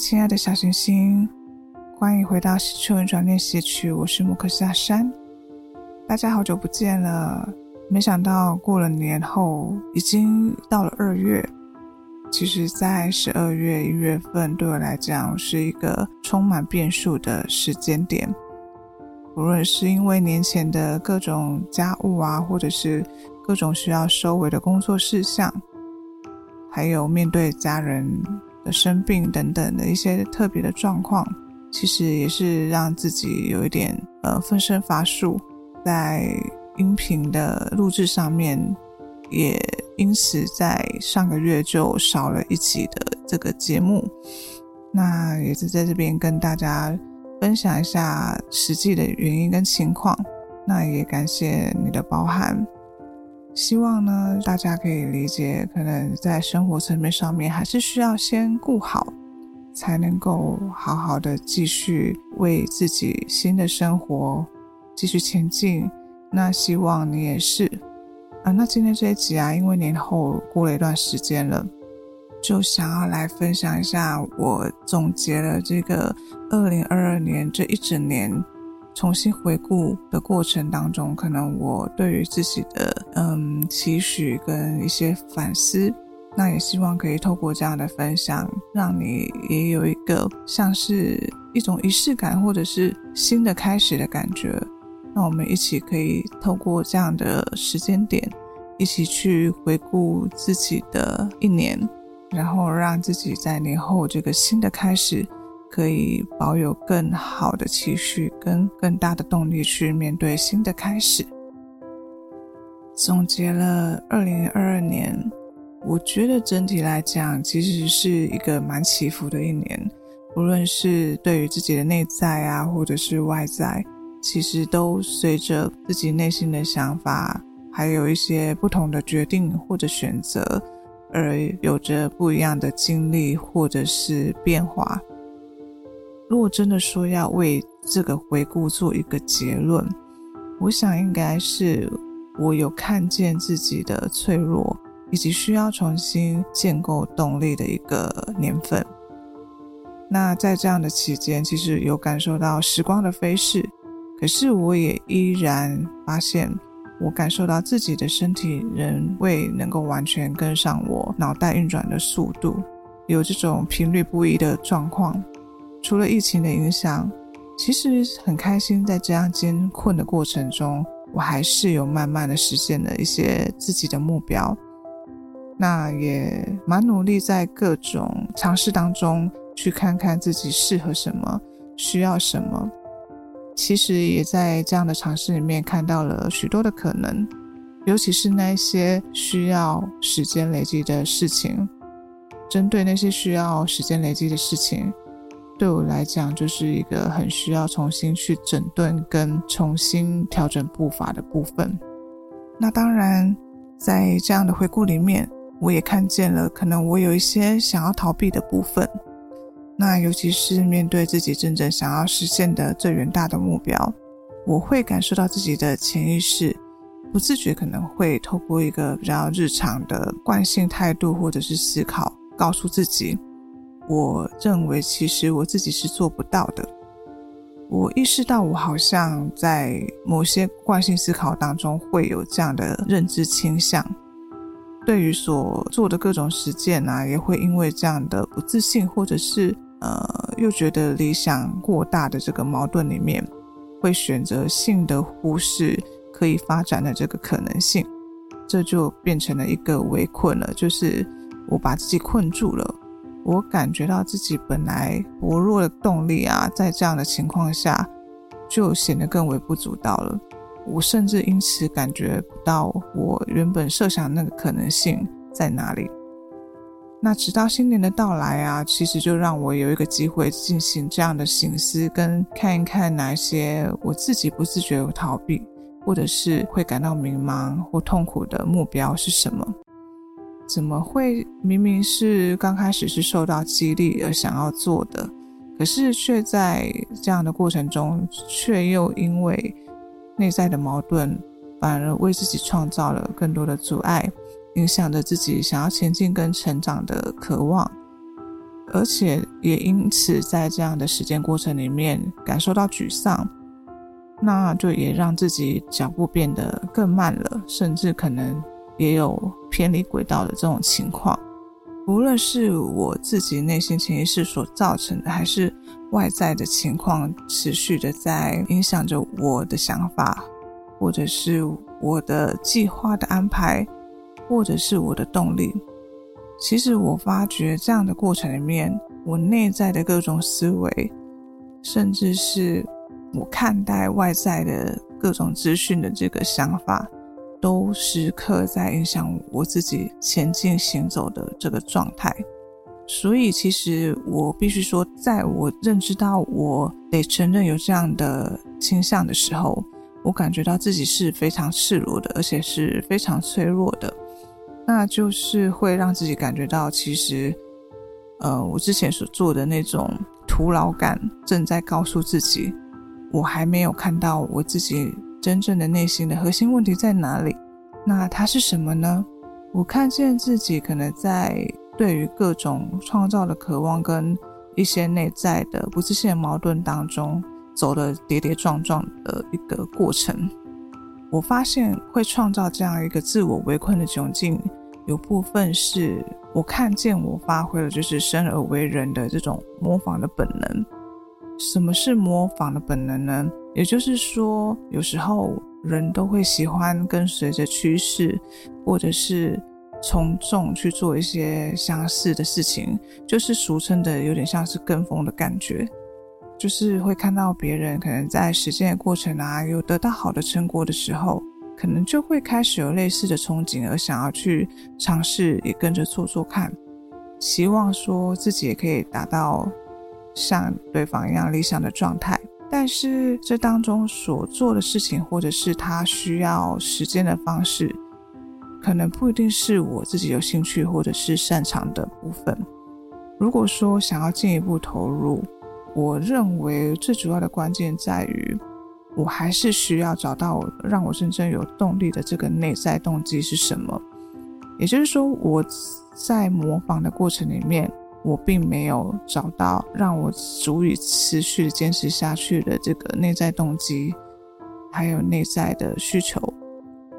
親愛的，小行星，歡迎回到《喜趣輪轉練習曲》。我是莫克夏山，大家好久不見了。沒想到過了年後，已經到了二月。其實，在十二月、一月份，對我來講是一個充滿變數的時間點。不論是因為年前的各種家務啊，或者是各種需要收尾的工作事項，還有面對家人。的生病等等的一些特別的狀況，其實也是讓自己有一點呃分身乏術，在音頻的錄製上面，也因此在上個月就少了一集的這個節目。那也是在這邊跟大家分享一下實際的原因跟情況。那也感謝你的包涵。希望呢，大家可以理解，可能在生活層面上面，還是需要先顧好，才能夠好好的繼續為自己新的生活繼續前進。那希望你也是啊。那今天這一集啊，因為年後過了一段時間了，就想要來分享一下我總結了這個2022年這一整年，重新回顧的過程當中，可能我對於自己的嗯期許跟一些反思，那也希望可以透過這樣的分享，讓你也有一個像是一種儀式感或者是新的開始的感覺。那我們一起可以透過這樣的時間點，一起去回顧自己的一年，然後讓自己在年後這個新的開始。可以保有更好的期許，跟更大的動力去面對新的開始。總結了二零二二年，我覺得整體來講，其實是一個蠻起伏的一年。不論是對於自己的內在啊，或者是外在，其實都隨着自己內心的想法，還有一些不同的決定或者選擇，而有着不一樣的經歷或者是變化。若真的說要為這個回顧做一個結論，我想應該是我有看見自己的脆弱，以及需要重新建構動力的一個年份。那在這樣的期間，其實有感受到時光的飛逝，可是我也依然發現，我感受到自己的身體仍未能夠完全跟上我腦袋運轉的速度，有這種頻率不一的狀況。除了疫情的影響，其實很開心，在這樣艱困的過程中，我還是有慢慢的實現了一些自己的目標。那也蠻努力，在各種嘗試當中，去看看自己適合什麼，需要什麼。其實也在這樣的嘗試裡面看到了許多的可能，尤其是那些需要時間累積的事情。針對那些需要時間累積的事情，對我來講，就是一個很需要重新去整頓跟重新調整步伐的部分。那當然，在這樣的回顧裡面，我也看見了可能我有一些想要逃避的部分。那尤其是面對自己真正想要實現的最遠大的目標，我會感受到自己的潛意識不自覺可能會透過一個比較日常的慣性態度或者是思考，告訴自己。我認為，其實我自己是做不到的。我意識到，我好像在某些慣性思考當中會有這樣的認知傾向，對於所做的各種實踐啊，也會因為這樣的不自信，或者是呃，又覺得理想過大的這個矛盾裡面，會選擇性的忽視可以發展的這個可能性，這就變成了一個圍困了，就是我把自己困住了。我感覺到自己本來薄弱的動力啊，在這樣的情況下，就顯得更微不足道了。我甚至因此感覺不到我原本設想的那個可能性在哪裡。那直到新年的到來啊，其實就讓我有一個機會進行這樣的省思，跟看一看哪些我自己不自覺有逃避，或者是會感到迷茫或痛苦的目標是什麼。怎麼會明明是剛開始是受到激勵而想要做的，可是卻在這樣的過程中，卻又因為內在的矛盾，反而為自己創造了更多的阻礙，影響着自己想要前進跟成長的渴望，而且也因此在這樣的時間過程裡面感受到沮喪，那就也讓自己腳步變得更慢了，甚至可能。也有偏離軌道的這種情況，無論是我自己內心潛意識所造成的，還是外在的情況持續的在影響着我的想法，或者是我的計劃的安排，或者是我的動力。其實我發覺這樣的過程裡面，我內在的各種思維，甚至是我看待外在的各種資訊的這個想法，都時刻在影響我自己前進行走的這個狀態，所以其實我必須說，在我認知到我得承認有這樣的傾向的時候，我感覺到自己是非常赤裸的，而且是非常脆弱的，那就是會讓自己感覺到，其實，呃，我之前所做的那種徒勞感正在告訴自己，我還沒有看到我自己。真正的內心的核心問題在哪裡？那它是什麼呢？我看見自己可能在對於各種創造的渴望跟一些內在的不自信的矛盾當中，走得跌跌撞撞的一個過程。我發現會創造這樣一個自我圍困的窘境，有部分是我看見我發揮了就是生而為人的這種模仿的本能。什麼是模仿的本能呢？也就是說，有時候人都會喜歡跟隨着趨勢，或者是從眾去做一些相似的事情，就是俗稱的有點像是跟風的感覺。就是會看到別人可能在實踐的過程啊，有得到好的成果的時候，可能就會開始有類似的憧憬，而想要去嘗試，也跟着做做看，希望說自己也可以達到像對方一樣理想的狀態。但是這當中所做的事情，或者是他需要時間的方式，可能不一定是我自己有興趣或者是擅長的部分。如果說想要進一步投入，我認為最主要的關鍵在於，我還是需要找到讓我真正有動力的這個內在動機是什麼。也就是說，我在模仿的過程裡面。我並沒有找到讓我足以持續堅持下去的這個內在動機，還有內在的需求，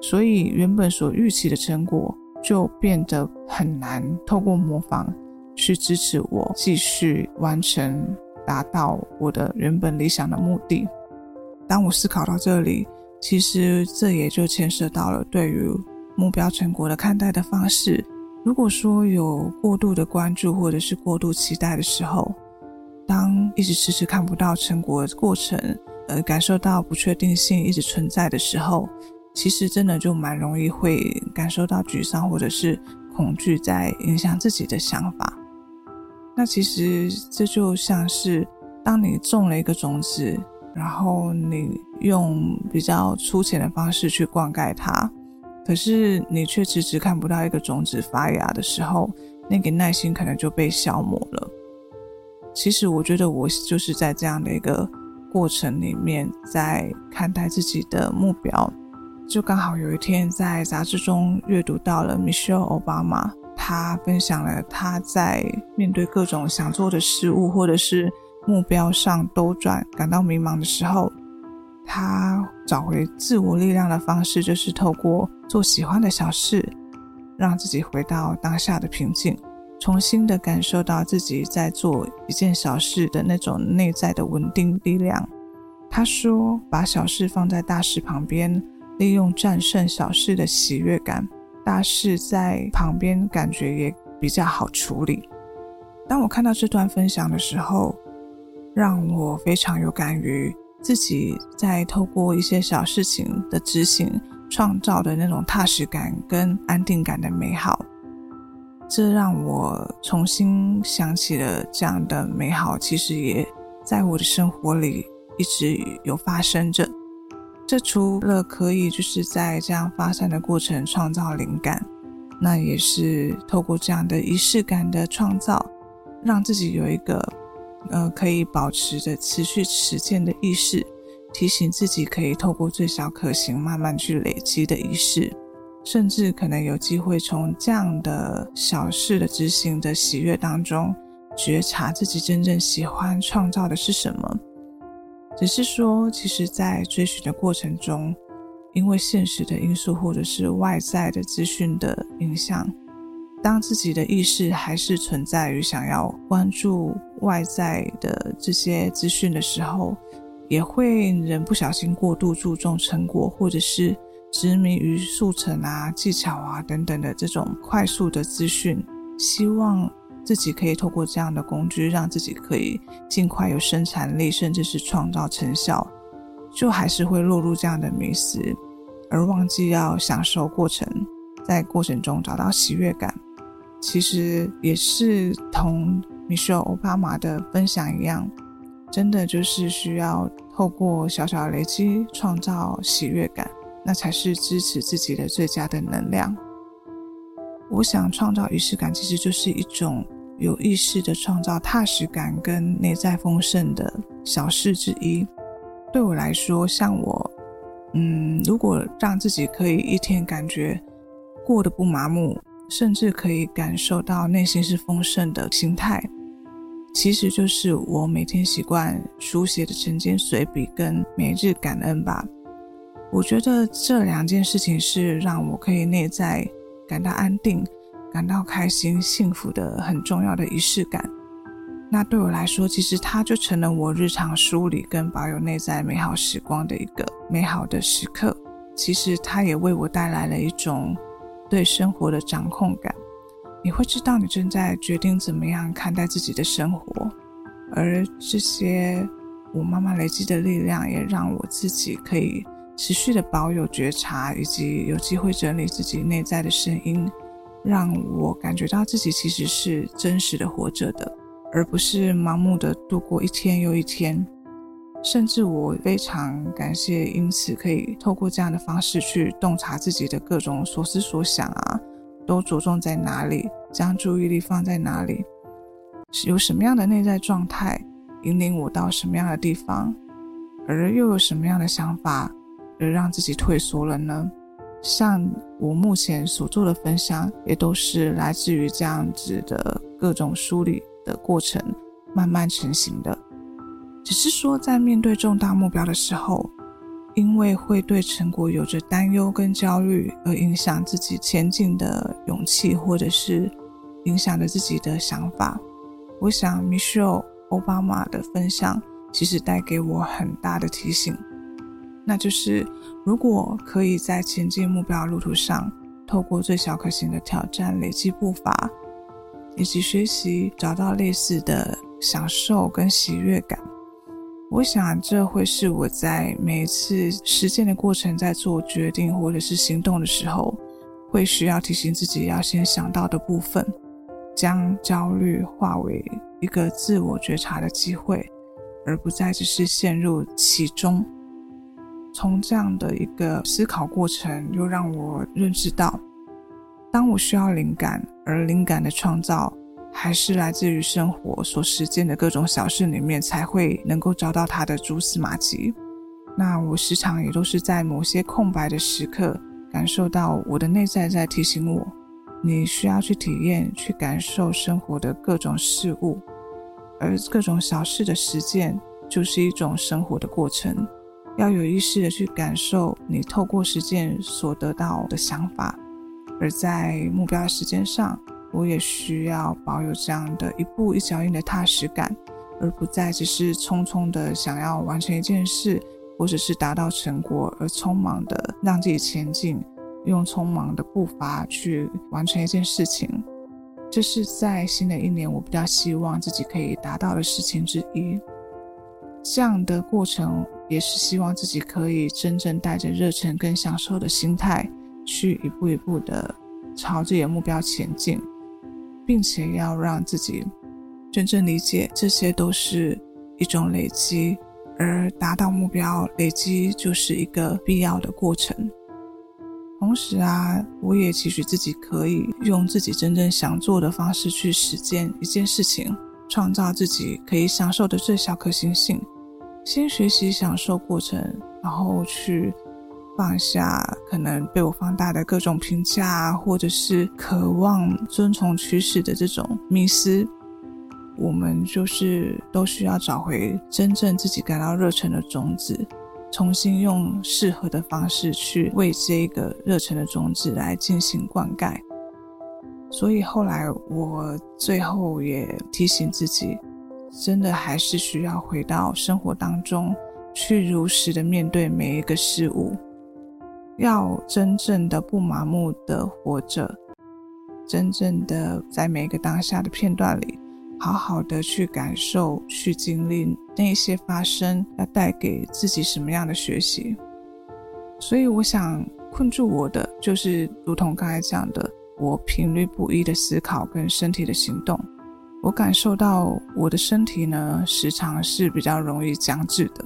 所以原本所預期的成果就變得很難透過模仿去支持我繼續完成達到我的原本理想的目的。當我思考到這裡，其實這也就牽涉到了對於目標成果的看待的方式。如果說有過度的關注或者是過度期待的時候，當一直遲遲看不到成果的過程，呃，感受到不確定性一直存在的時候，其實真的就蠻容易會感受到沮喪或者是恐懼在影響自己的想法。那其實這就像是當你種了一個種子，然後你用比較粗淺的方式去灌溉它。可是你卻遲遲看不到一個種子發芽的時候，那個耐心可能就被消磨了。其實我覺得我就是在這樣的一個過程裡面，在看待自己的目標。就剛好有一天在雜誌中閱讀到了 Michelle Obama，他分享了他在面對各種想做的事物或者是目標上兜轉感到迷茫的時候。他找回自我力量的方式，就是透過做喜歡的小事，讓自己回到當下的平靜，重新的感受到自己在做一件小事的那種內在的穩定力量。他說：“把小事放在大事旁邊，利用戰勝小事的喜悅感，大事在旁邊感覺也比較好處理。”當我看到這段分享的時候，讓我非常有感於。自己在透過一些小事情的執行，創造的那種踏實感跟安定感的美好，這讓我重新想起了這樣的美好，其實也在我的生活裡一直有發生着。這除了可以就是在這樣發散的過程創造靈感，那也是透過這樣的儀式感的創造，讓自己有一個。呃，可以保持着持續實踐的意識，提醒自己可以透過最小可行慢慢去累積的意識，甚至可能有機會從這樣的小事的執行的喜悅當中，覺察自己真正喜歡創造的是什麼。只是說，其實，在追尋的過程中，因為現實的因素或者是外在的資訊的影響。當自己的意識還是存在於想要關注外在的這些資訊的時候，也會令人不小心過度注重成果，或者是執迷於速成啊、技巧啊等等的這種快速的資訊，希望自己可以透過這樣的工具，讓自己可以盡快有生產力，甚至是創造成效，就還是會落入這樣的迷思，而忘記要享受過程，在過程中找到喜悅感。其實也是同米歇爾·奧巴馬的分享一樣，真的就是需要透過小小的累積創造喜悅感，那才是支持自己的最佳的能量。我想創造儀式感，其實就是一種有意識的創造踏實感跟內在豐盛的小事之一。對我來說，像我，嗯，如果讓自己可以一天感覺過得不麻木。甚至可以感受到內心是豐盛的心態，其實就是我每天習慣書寫的晨間隨筆跟每日感恩吧。我覺得這兩件事情是讓我可以內在感到安定、感到開心、幸福的很重要的儀式感。那對我來說，其實它就成了我日常梳理跟保有內在美好時光的一個美好的時刻。其實它也為我帶來了一種，對生活的掌控感，你會知道你正在決定怎麼樣看待自己的生活，而這些我慢慢累積的力量，也讓我自己可以持續的保有覺察，以及有機會整理自己內在的聲音，讓我感覺到自己其實是真實的活着的，而不是盲目的度過一天又一天。甚至我非常感謝，因此可以透過這樣的方式去洞察自己的各種所思所想啊，都着重在哪裡，將注意力放在哪裡，是有什麼樣的內在狀態引領我到什麼樣的地方，而又有什麼樣的想法而讓自己退縮了呢？像我目前所做的分享，也都是來自於這樣子的各種梳理的過程，慢慢成型的。只是說，在面對重大目標的時候，因為會對成果有着擔憂跟焦慮，而影響自己前進的勇氣，或者是影響着自己的想法。我想，Michelle 奧巴馬的分享其實帶給我很大的提醒，那就是如果可以在前進目標路途上，透過最小可行的挑戰累積步伐，以及學習找到類似的享受跟喜悅感。我想，這會是我在每一次實踐的過程，在做決定或者是行動的時候，會需要提醒自己要先想到的部分，將焦慮化為一個自我覺察的機會，而不再只是陷入其中。從這樣的一個思考過程，又讓我認識到，當我需要靈感，而靈感的創造。還是來自於生活所實踐的各種小事裡面，才會能夠找到它的蛛絲馬跡。那我時常也都是在某些空白的時刻，感受到我的內在在提醒我，你需要去體驗、去感受生活的各種事物，而各種小事的實踐就是一種生活的過程。要有意識的去感受你透過實踐所得到的想法，而在目標的時間上。我也需要保有這樣的一步一腳印的踏實感，而不再只是匆匆的想要完成一件事，或者是達到成果而匆忙的讓自己前進，用匆忙的步伐去完成一件事情。這是在新的一年我比較希望自己可以達到的事情之一。這樣的過程也是希望自己可以真正帶着熱忱跟享受的心態，去一步一步地朝自己的朝着目標前進。並且要讓自己真正理解，這些都是，一種累積，而達到目標，累積就是一個必要的過程。同時啊，我也期許自己可以用自己真正想做的方式去實踐一件事情，創造自己可以享受的最小可行性。先學習享受過程，然後去。放下可能被我放大的各種評價，或者是渴望遵從趨勢的這種迷思，我們就是都需要找回真正自己感到熱忱的種子，重新用適合的方式去為這一個熱忱的種子來進行灌溉。所以後來我最後也提醒自己，真的還是需要回到生活當中，去如實的面對每一個事物。要真正的不麻木的活着，真正的在每一個當下的片段裡，好好的去感受、去經歷那些發生，要帶給自己什麼樣的學習。所以，我想困住我的，就是如同剛才講的，我頻率不一的思考跟身體的行動。我感受到我的身體呢，時常是比較容易僵滯的。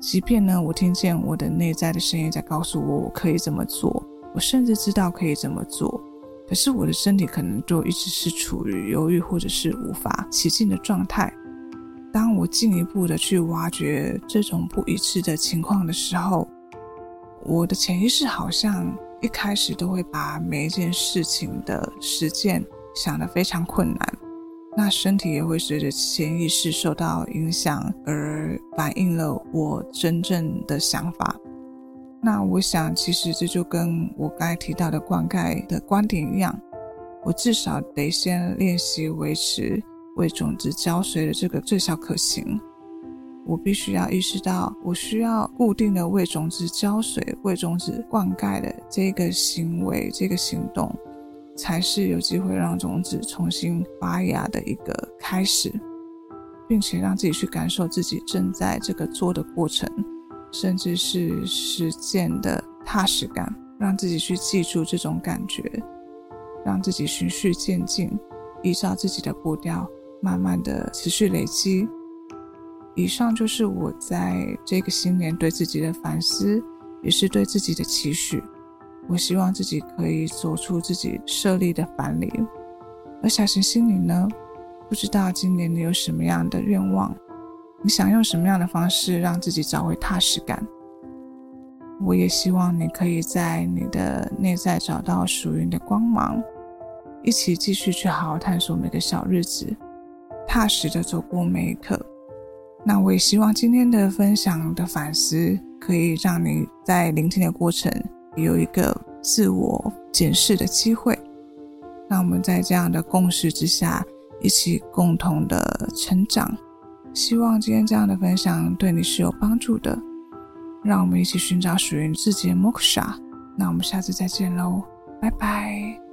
即便呢，我聽見我的內在的聲音在告訴我我可以怎麼做，我甚至知道可以怎麼做，可是我的身體可能就一直是處於猶豫或者是無法起勁的狀態。當我進一步的去挖掘這種不一致的情況的時候，我的潛意識好像一開始都會把每一件事情的實踐想得非常困難。那身體也會隨着潛意識受到影響而反映了我真正的想法。那我想，其實這就跟我剛才提到的灌溉的觀點一樣，我至少得先練習維持為種子澆水的這個最小可行。我必須要意識到，我需要固定的為種子澆水、為種子灌溉的這個行為、這個行動。才是有機會讓種子重新發芽的一個開始，並且讓自己去感受自己正在這個做的過程，甚至是實踐的踏實感，讓自己去記住這種感覺，讓自己循序漸進，依照自己的步調，慢慢的持續累積。以上就是我在這個新年對自己的反思，也是對自己的期許。我希望自己可以走出自己設立的藩籬，而小行星你呢？不知道今年你有什麼樣的願望？你想用什麼樣的方式讓自己找回踏實感？我也希望你可以在你的內在找到屬於你的光芒，一起繼續去好好探索每個小日子，踏實的走過每一刻。那我也希望今天的分享的反思，可以讓你在聆聽的過程。有一個自我檢視的機會，讓我們在這樣的共識之下，一起共同的成長。希望今天這樣的分享對你是有幫助的，讓我們一起尋找屬於自己的 Moksha。那我們下次再見嘍，拜拜。